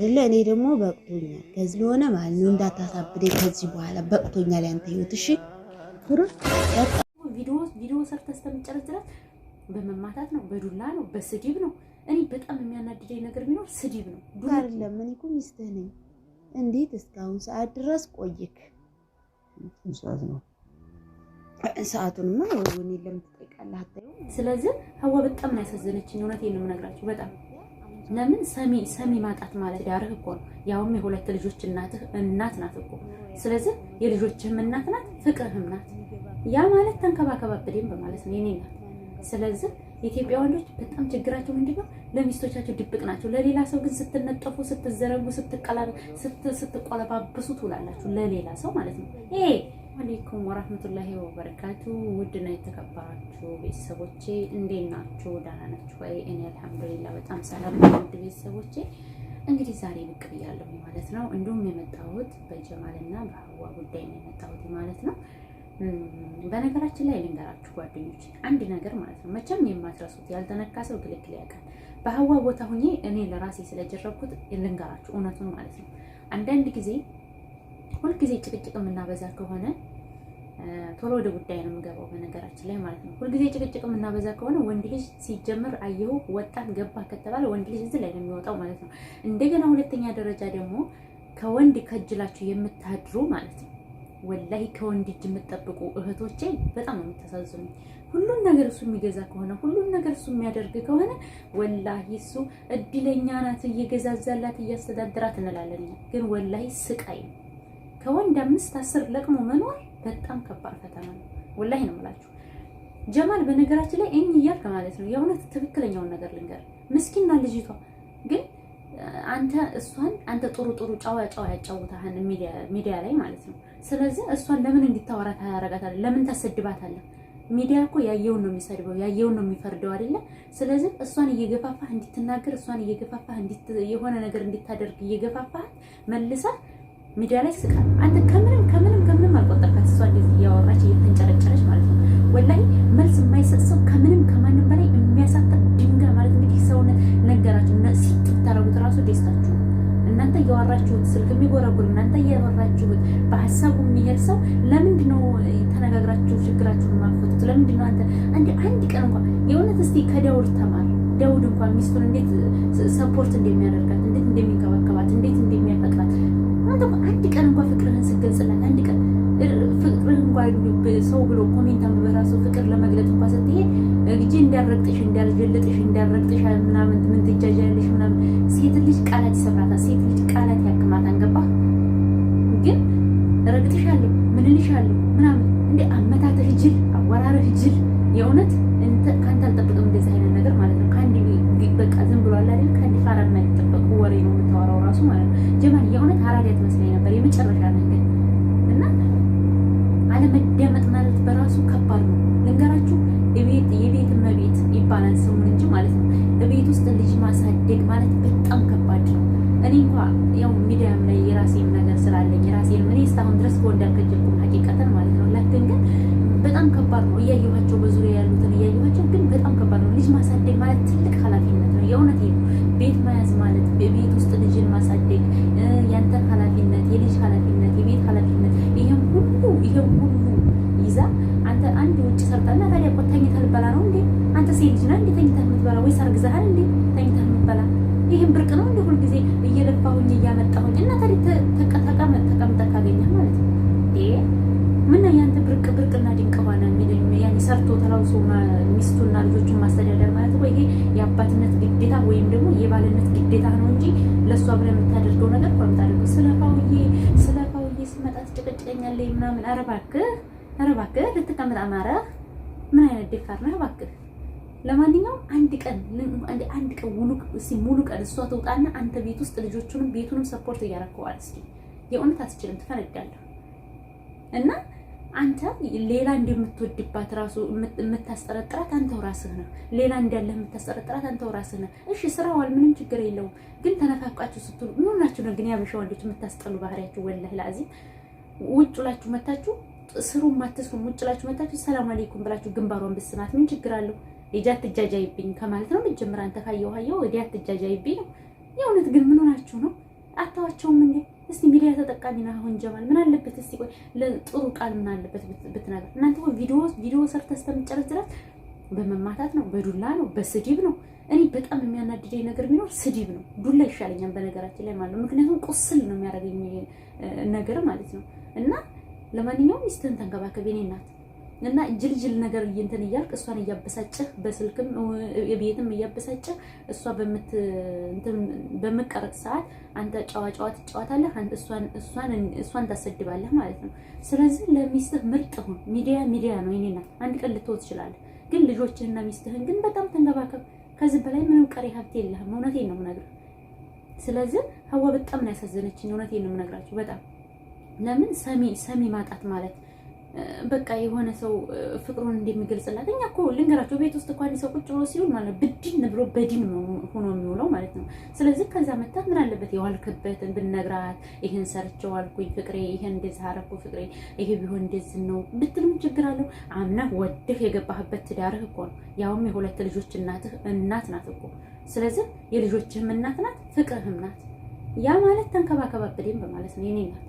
አይደለ? እኔ ደግሞ በቅቶኛል። ከዚህ ለሆነ ማለት ነው እንዳታሳብደኝ ከዚህ በኋላ በቅቶኛል። ያንተ ህይወት እሺ ብሩ ቪዲዮ ቪዲዮ ሰርተህ እስከምጨርስ ድረስ በመማታት ነው፣ በዱላ ነው፣ በስድብ ነው። እኔ በጣም የሚያናድደኝ ነገር ቢኖር ስድብ ነው። ዱላ አይደለም። እኔ እኮ ሚስትህ ነኝ። እንዴት እስካሁን ሰዓት ድረስ ቆይክ? ሰዓት ነው ሰዓቱንማ ወይኔ ለምን ትጠይቃለህ? አታየውም? ስለዚህ ሀዋ በጣም ነው ያሳዘነችኝ። እውነቴን ነው የምነግራችሁ በጣም ለምን ሰሚ ሰሚ ማጣት ማለት ዳርህ እኮ ነው። ያውም የሁለት ልጆች እናትህ እናት ናት እኮ። ስለዚህ የልጆችህም እናት ናት፣ ፍቅርህም ናት። ያ ማለት ተንከባከባ በማለት ማለት ነው። የኔ ናት። ስለዚህ የኢትዮጵያ ወንዶች በጣም ችግራቸው ምንድን ነው? ለሚስቶቻቸው ድብቅ ናቸው። ለሌላ ሰው ግን ስትነጠፉ፣ ስትዘረጉ፣ ስትቆለባብሱ ትውላላችሁ። ለሌላ ሰው ማለት ነው። አሌይኩም ወራህመቱላሂ ወበረካቱ። ውድና የተከበራችሁ ቤተሰቦቼ እንዴት ናችሁ? ደህና ናችሁ ወይ? እኔ አልሐምዱሊላ በጣም ሰላም ነው። ውድ ቤተሰቦቼ እንግዲህ ዛሬ ብቅ ብያለሁ ማለት ነው። እንዲሁም የመጣሁት በጀማልና በሀዋ ጉዳይ ነው የመጣሁት ማለት ነው። በነገራችን ላይ ልንገራችሁ ጓደኞች አንድ ነገር ማለት ነው፣ መቼም የማትረሱት ያልተነካ ሰው ክልክል ያውቃል። በሀዋ ቦታ ሁኜ እኔ ለራሴ ስለጀረብኩት ልንገራችሁ እውነቱን ማለት ነው አንዳንድ ጊዜ ሁልጊዜ ጭቅጭቅ የምናበዛ ከሆነ ቶሎ ወደ ጉዳይ ነው የምገባው፣ በነገራችን ላይ ማለት ነው። ሁልጊዜ ጭቅጭቅ የምናበዛ ከሆነ ወንድ ልጅ ሲጀምር አየሁ ወጣት ገባ ከተባለ ወንድ ልጅ እዚህ ላይ ነው የሚወጣው ማለት ነው። እንደገና ሁለተኛ ደረጃ ደግሞ ከወንድ ከጅላችሁ የምታድሩ ማለት ነው። ወላይ ከወንድ እጅ የምጠብቁ እህቶቼ በጣም ነው የምታሳዝኑ። ነገር እሱ የሚገዛ ከሆነ ሁሉም ነገር እሱ የሚያደርግ ከሆነ ወላሂ እሱ እድለኛ ናት እየገዛዛላት እያስተዳደራት እንላለን፣ ግን ወላሂ ስቃይ ነው። ከወንድ አምስት አስር ለቅሞ መኖር በጣም ከባድ ፈተና ነው። ወላሂ ነው የምላችሁ። ጀማል በነገራችን ላይ እኔ እያልክ ማለት ነው የእውነት ትክክለኛውን ነገር ልንገር። ምስኪና ልጅቷ ግን አንተ እሷን አንተ ጥሩ ጥሩ ጫዋ ጨዋ ያጫውታህን ሚዲያ ላይ ማለት ነው። ስለዚህ እሷን ለምን እንዲታወራ ታረጋታለ? ለምን ታሰድባታለ ሚዲያ እኮ ያየውን ነው የሚሰድበው፣ ያየውን ነው የሚፈርደው አይደለ? ስለዚህ እሷን እየገፋፋህ እንድትናገር፣ እሷን እየገፋፋህ የሆነ ነገር እንድታደርግ እየገፋፋህ መልሰህ ሚዲያ ላይ ስቃ አንተ ከምንም ከምንም ከምንም አልቆጠርካት። እሷ እንደዚህ እያወራች እየተንጨረጨረች ማለት ነው። ወላሂ መልስ የማይሰጥ ሰው ከምንም ከማንም በላይ የሚያሳጠር ድንጋይ ማለት እንግዲህ ሰውን ነገራችሁ እና ሲጥ ታረጉት ራሱ ደስታችሁ እናንተ እያወራችሁት ስልክ የሚጎረጉር እናንተ እያወራችሁት በሀሳቡ የሚሄድ ሰው ለምንድ ነው ተነጋግራችሁ ችግራችሁን ማልፈቱት? ለምንድ ነው አንተ አንድ አንድ ቀን እንኳ የእውነት እስቲ ከደውር ተማር። ደውድ እንኳን ሚስቱን እንዴት ሰፖርት እንደሚያደርጋት እንዴት እንደሚንከባከባት እንዴት እንደሚያፈቅራት አንተ አንድ ቀን እንኳ ፍቅርህን ስትገልጽላት አንድ ቀን ፍቅርህን እንኳ ሰው ብሎ ኮሜንት አንብበህ ራሱ ፍቅር ለመግለጽ እንኳ ስትሄድ ልጅ እንዳረግጥሽ እንዳልጀለጥሽ እንዳረግጥሽ ምናምን ምን ትጃጃለሽ ምናምን። ሴት ልጅ ቃላት ይሰብራታል። ሴት ልጅ ቃላት ያክማታል። ገባህ? ግን ረግጥሻለሁ ምንልሻለሁ ምናምን እንደ አመታተህ ጅል፣ አወራረህ ጅል። የእውነት ከአንተ አልጠብቅም እንደዚህ አይነት ራሱ ማለት ነው። ጀማል የእውነት አራዳ ትመስለኝ ነበር የመጨረሻ ነገር እና አለመደመጥ ማለት በራሱ ከባድ ነው። ልንገራችሁ የቤት የቤት መቤት ይባላል ስሙን እንጂ ማለት ነው። እቤት ውስጥ ልጅ ማሳደግ ማለት በጣም ከባድ ነው። እኔ እንኳ ያው ሚዲያም ላይ የራሴን ነገር ስላለኝ የራሴን እኔ እስካሁን ድረስ ጎንደር ከጀልኩም ሀቂቀተን ማለት ነው። ላክን ግን በጣም ከባድ ነው። እያየኋቸው በዙሪያ ያሉትን እያየኋቸው ግን በጣም ከባድ ነው። ልጅ ማሳደግ ማለት ትልቅ ኃላፊነት ነው። የእውነት ቤት መያዝ ማለት ቤት ጊዜ እየለፋሁኝ እያመጣሁኝ እና ታዲያ ተቀመጥ ተቀምጠ ካገኘ ማለት ነው። ይ ምን ያንተ ብርቅ ብርቅና ድንቅ ሆነ የሚል ሰርቶ ተላውሶ ሚስቱና ልጆቹን ማስተዳደር ማለት ወይ ይሄ የአባትነት ግዴታ ወይም ደግሞ የባልነት ግዴታ ነው እንጂ ለእሷ ብለ የምታደርገው ነገር ኮምታደርገ ስለፋውዬ ስለፋውዬ ስመጣ ትጨቀጭቀኛለች ምናምን። ኧረ እባክህ ኧረ እባክህ ልትቀመጥ አማረህ? ምን አይነት ደፋር ነህ እባክህ። ለማንኛውም አንድ ቀን አንድ ቀን ሙሉ ሙሉ ቀን እሷ ትውጣና አንተ ቤት ውስጥ ልጆቹንም ቤቱንም ሰፖርት እያረከዋል። እስኪ የእውነት አትችልም፣ ትፈነዳለህ። እና አንተ ሌላ እንደምትወድባት ራሱ የምታስጠረጥራት አንተው ራስህ ነው። ሌላ እንዳለህ የምታስጠረጥራት አንተው ራስህ ነው። እሺ ስራዋል፣ ምንም ችግር የለውም። ግን ተነፋቃችሁ ስትሉ ምን ምናችሁ ነው? ግን ያበሻ ወንዶች የምታስጠሉ ባህሪያችሁ፣ ወላህ ለአዚም ውጭ ላችሁ መታችሁ ስሩ ማትስሩ ውጭ ላችሁ መታችሁ ሰላም አለይኩም ብላችሁ ግንባሯን ብስማት ምን ችግር አለው? ልጅ አትጃጃይብኝ ከማለት ነው መጀመሪያ አንተ ካየው ሀየው ወዲያ አትጃጃይብኝ ነው። የእውነት ግን ምን ሆናችሁ ነው? አታዋቸውም እንዴ? እስቲ ሚዲያ ተጠቃሚ ነህ አሁን ጀማል፣ ምን አለበት እስቲ ቆይ ለጥሩ ቃል ምን አለበት ብትናገር። እናንተ ቪዲዮ ቪዲዮ ሰርተህ እስከምጨረስ ድረስ በመማታት ነው፣ በዱላ ነው፣ በስድብ ነው። እኔ በጣም የሚያናድደኝ ነገር ቢኖር ስድብ ነው። ዱላ ይሻለኛል በነገራችን ላይ ማለት ነው። ምክንያቱም ቁስል ነው የሚያደርገኝ ነገር ማለት ነው። እና ለማንኛውም ሚስትህን ተንከባከብ የኔ እናት እና ጅልጅል ነገር እንትን እያልክ እሷን እያበሳጨህ በስልክም ቤትም እያበሳጨህ እሷ በምትቀረጥ ሰዓት አንተ ጨዋ ጨዋ ትጫወታለህ፣ እሷን ታሰድባለህ ማለት ነው። ስለዚህ ለሚስትህ ምርጥ ሁን። ሚዲያ ሚዲያ ነው ይኔና አንድ ቀን ልትወ ትችላለህ። ግን ልጆችህና ሚስትህን ግን በጣም ተንከባከብ። ከዚህ በላይ ምንም ቀሪ ሀብት የለህም። እውነቴን ነው የምነግርህ። ስለዚህ ሀዋ በጣም ነው ያሳዘነችኝ። እውነቴን ነው የምነግራችሁ። በጣም ለምን ሰሚ ሰሚ ማጣት ማለት በቃ የሆነ ሰው ፍቅሩን እንደሚገልጽላት እኛ እኮ ልንገራቸው፣ ቤት ውስጥ እኮ ሰው ቁጭ ብሎ ሲውል ማለት ብድን ብሎ በድን ሆኖ የሚውለው ማለት ነው። ስለዚህ ከዛ መታት ምን አለበት የዋልክበትን ብነግራት፣ ይህን ሰርቼው አልኩኝ ፍቅሬ፣ ይህን እንደዚህ አረኩ ፍቅሬ፣ ይሄ ቢሆን እንደዚህ ነው ብትልም ችግር አለው። አምናህ ወደህ የገባህበት ትዳርህ እኮ ነው። ያውም የሁለት ልጆች እናትህ እናት ናት እኮ። ስለዚህ የልጆችህም እናት ናት፣ ፍቅርህም ናት። ያ ማለት ተንከባከባ በደንብ ማለት ነው የኔ ናት።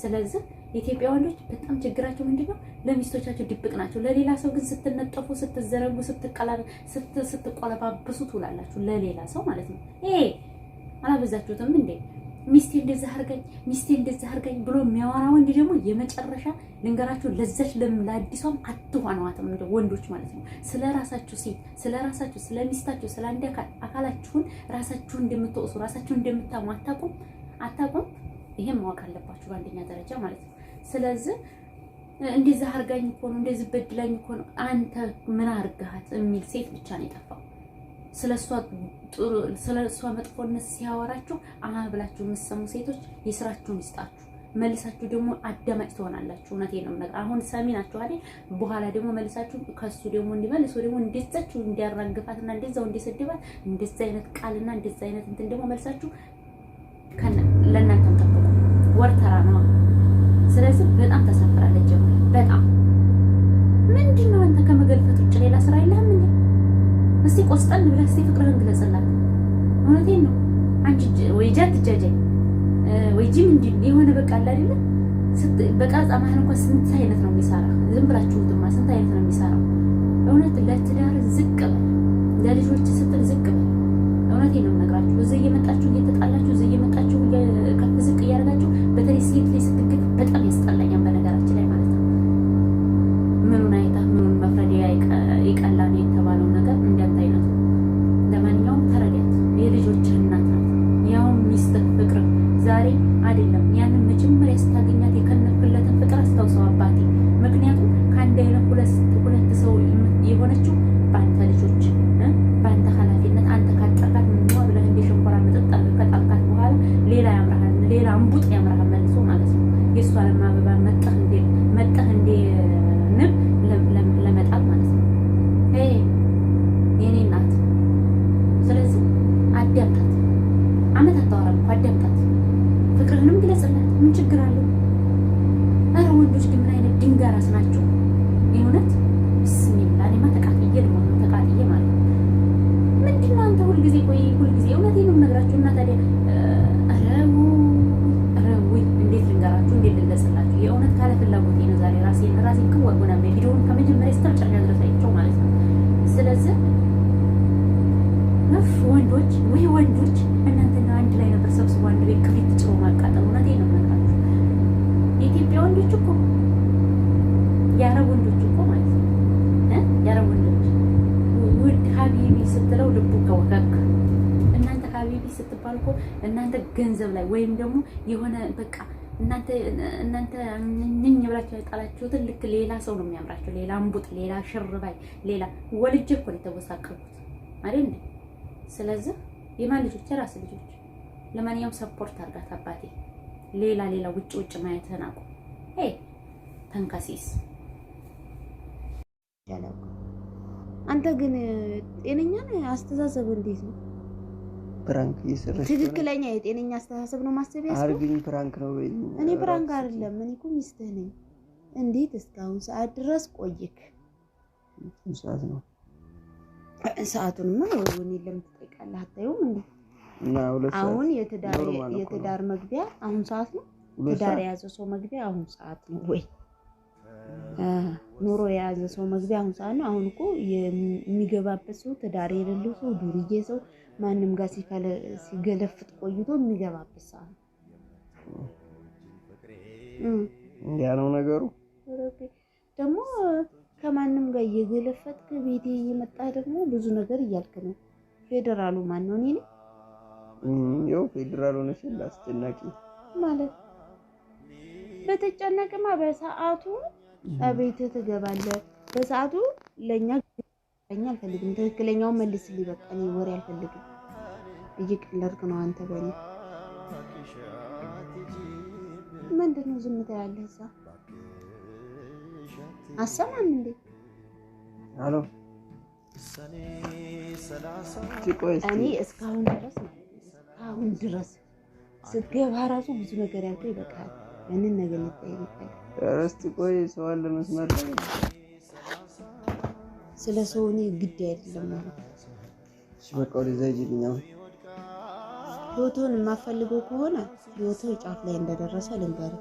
ስለዚህ የኢትዮጵያ ወንዶች በጣም ችግራቸው ምንድን ነው? ለሚስቶቻቸው ድብቅ ናቸው። ለሌላ ሰው ግን ስትነጠፉ፣ ስትዘረጉ፣ ስትቆለባብሱ ትውላላችሁ። ለሌላ ሰው ማለት ነው። ይሄ አላበዛችሁትም እንዴ? ሚስቴ እንደዛ አርጋኝ፣ ሚስቴ እንደዛ አርጋኝ ብሎ የሚያወራ ወንድ ደግሞ የመጨረሻ ልንገራችሁ፣ ለዛች ለአዲሷም አትሆነዋትም። ወንዶች ማለት ነው። ስለ ራሳችሁ ሴት፣ ስለ ራሳችሁ፣ ስለ ሚስታችሁ፣ ስለ አንድ አካላችሁን ራሳችሁን እንደምትወሱ ራሳችሁን እንደምታሙ አታቁም፣ አታቁም። ይሄን ማወቅ አለባችሁ በአንደኛ ደረጃ ማለት ነው። ስለዚህ እንደዚህ አርጋኝ እኮ ነው እንደዚህ በድላኝ እኮ ነው አንተ ምን አርጋሃት የሚል ሴት ብቻ ነው የጠፋው። ስለሷ ጥሩ ስለሷ መጥፎነት ሲያወራችሁ አማ ብላችሁ የምትሰሙ ሴቶች የስራችሁን ይስጣችሁ። መልሳችሁ ደግሞ አዳማጭ ትሆናላችሁ። እውነቴን ነው የምነግርህ። አሁን ሰሚ ናችሁ አይደል? በኋላ ደግሞ መልሳችሁ ከሱ ደግሞ እንዲመልሱ ደግሞ እንደዛችሁ እንዲያራግፋትና እንደዛው እንዲሰድባት እንደዛ አይነት ቃልና እንደዛ አይነት እንትን ደግሞ መልሳችሁ እስቲ ቆስጠን ብለህ እስቲ ፍቅርህን ግለጽላት። እውነቴን ነው። አንቺ ወይ ጃ ትጃጃይ ወይ ጂም እንዲ የሆነ በቃ አለ አይደለ በቃ ማህል እንኳ ስንት አይነት ነው የሚሰራ? ዝም ብላችሁትማ ስንት አይነት ነው የሚሰራው? እውነት ለትዳር ዝቅ በል፣ ለልጆች ስትል ዝቅ በል። እውነቴን ነው የምነግራችሁ። እዚህ እየመጣችሁ እየተጣላችሁ፣ እዚህ እየመጣችሁ ከፍ ዝቅ እያደረጋችሁ፣ በተለይ ሴት ላይ ስትግፍ በጣም ያስጠላኛል። በነገራችን ላይ ማለት ነው ምኑን አይታ ምኑን መፍረድ ይቀላል వేస్తుంది ከመጀመሪያ እስከ መጨረሻ ድረስ አይቼው ማለት ነው። ስለዚህ እፍ ወንዶች ወይ ወንዶች እናንተና አንድ ላይ ነበር ሰብስቦ አንድ ቤት ክፍት ጭሮ ማቃጠል። እውነቴን ነው የምነግራችሁ። የኢትዮጵያ ወንዶች እኮ የአረብ ወንዶች እኮ ማለት ነው የአረብ ወንዶች ውድ ሀቢቢ ስትለው ልቡ ከወከክ እናንተ ሀቢቢ ስትባል እኮ እናንተ ገንዘብ ላይ ወይም ደግሞ የሆነ በቃ እናንተ ንኝ ብላችሁ የጣላችሁትን ልክ ሌላ ሰው ነው የሚያምራቸው። ሌላ እምቡጥ፣ ሌላ ሽርባይ፣ ሌላ ወልጄ እኮ ነው የተወሳቀልኩት አይደል? ስለዚህ የማን ልጆች? የራስ ልጆች። ለማንኛውም ሰፖርት አድርጋት አባቴ። ሌላ ሌላ ውጭ ውጭ ማየት አቁም። ተንከሴስ አንተ ግን ጤነኛ አስተሳሰብ እንዴት ነው? ፕራንክ እየሰራሽ ትክክለኛ የጤነኛ አስተሳሰብ ነው ማሰብ ያስኩ አርግኝ ፕራንክ ነው ወይ? እኔ ፕራንክ አይደለም። እኔ እኮ ሚስትህ ነኝ። እንዴት እስካሁን ሰዓት ድረስ ቆይክ? ሰዓት ነው ሰዓቱንማ ወይኔ ለምን ትጠይቃለህ? አታየውም እንዴ? አሁን የትዳር የትዳር መግቢያ አሁን ሰዓት ነው። ትዳር የያዘው ሰው መግቢያ አሁን ሰዓት ነው ወይ? ኑሮ የያዘ ሰው መግቢያ አሁን ሰዓት ነው። አሁን እኮ የሚገባበት ሰው ትዳር የሌለው ሰው ዱርዬ ሰው ማንም ጋር ሲገለፍጥ ቆይቶ የሚገባበት ሰዓት ነው። ነው ነገሩ። ደግሞ ከማንም ጋር እየገለፈጥክ ቤቴ እየመጣህ ደግሞ ብዙ ነገር እያልክ ነው። ፌዴራሉ ማን ነው? እኔ ነኝ። ያው ፌዴራል ሆነሽ አስጨናቂ ማለት በተጨነቅማ በሰዓቱ ቤት ትገባለህ። በሰዓቱ ለእኛ ለኛ አልፈልግም። ትክክለኛውን መልስልኝ። በቃ እኔ ወሬ አልፈልግም። እየቀለድክ ነው አንተ በኔ ምንድን ነው ዝም ትላለህ? እዛ አሰማም እንዴ? አሎ እኔ እስካሁን ድረስ እስካሁን ድረስ ስትገባ ራሱ ብዙ ነገር ያልከው ይበቃል። ያንን ነገር ልታይ ይበቃል። እስቲ ቆይ ሰዋን ለመስመር ላይ ስለ ሰው እኔ ግድ አይደለም እሺ በቃ ወደዛ ይጅልኛ። ህይወትህን የማፈልገው ከሆነ ህይወትህ ጫፍ ላይ እንደደረሰ ልንገር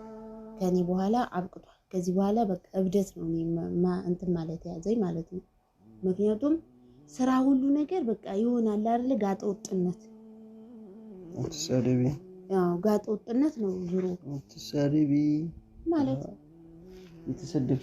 ከኔ በኋላ አብቅቷል። ከዚህ በኋላ በቃ እብደት ነው እንትን ማለት ያዘኝ ማለት ነው። ምክንያቱም ስራ ሁሉ ነገር በቃ ይሆናል አይደል? ጋጠ ወጥነት ጋጠ ወጥነት ነው ዙሮ ማለት ነው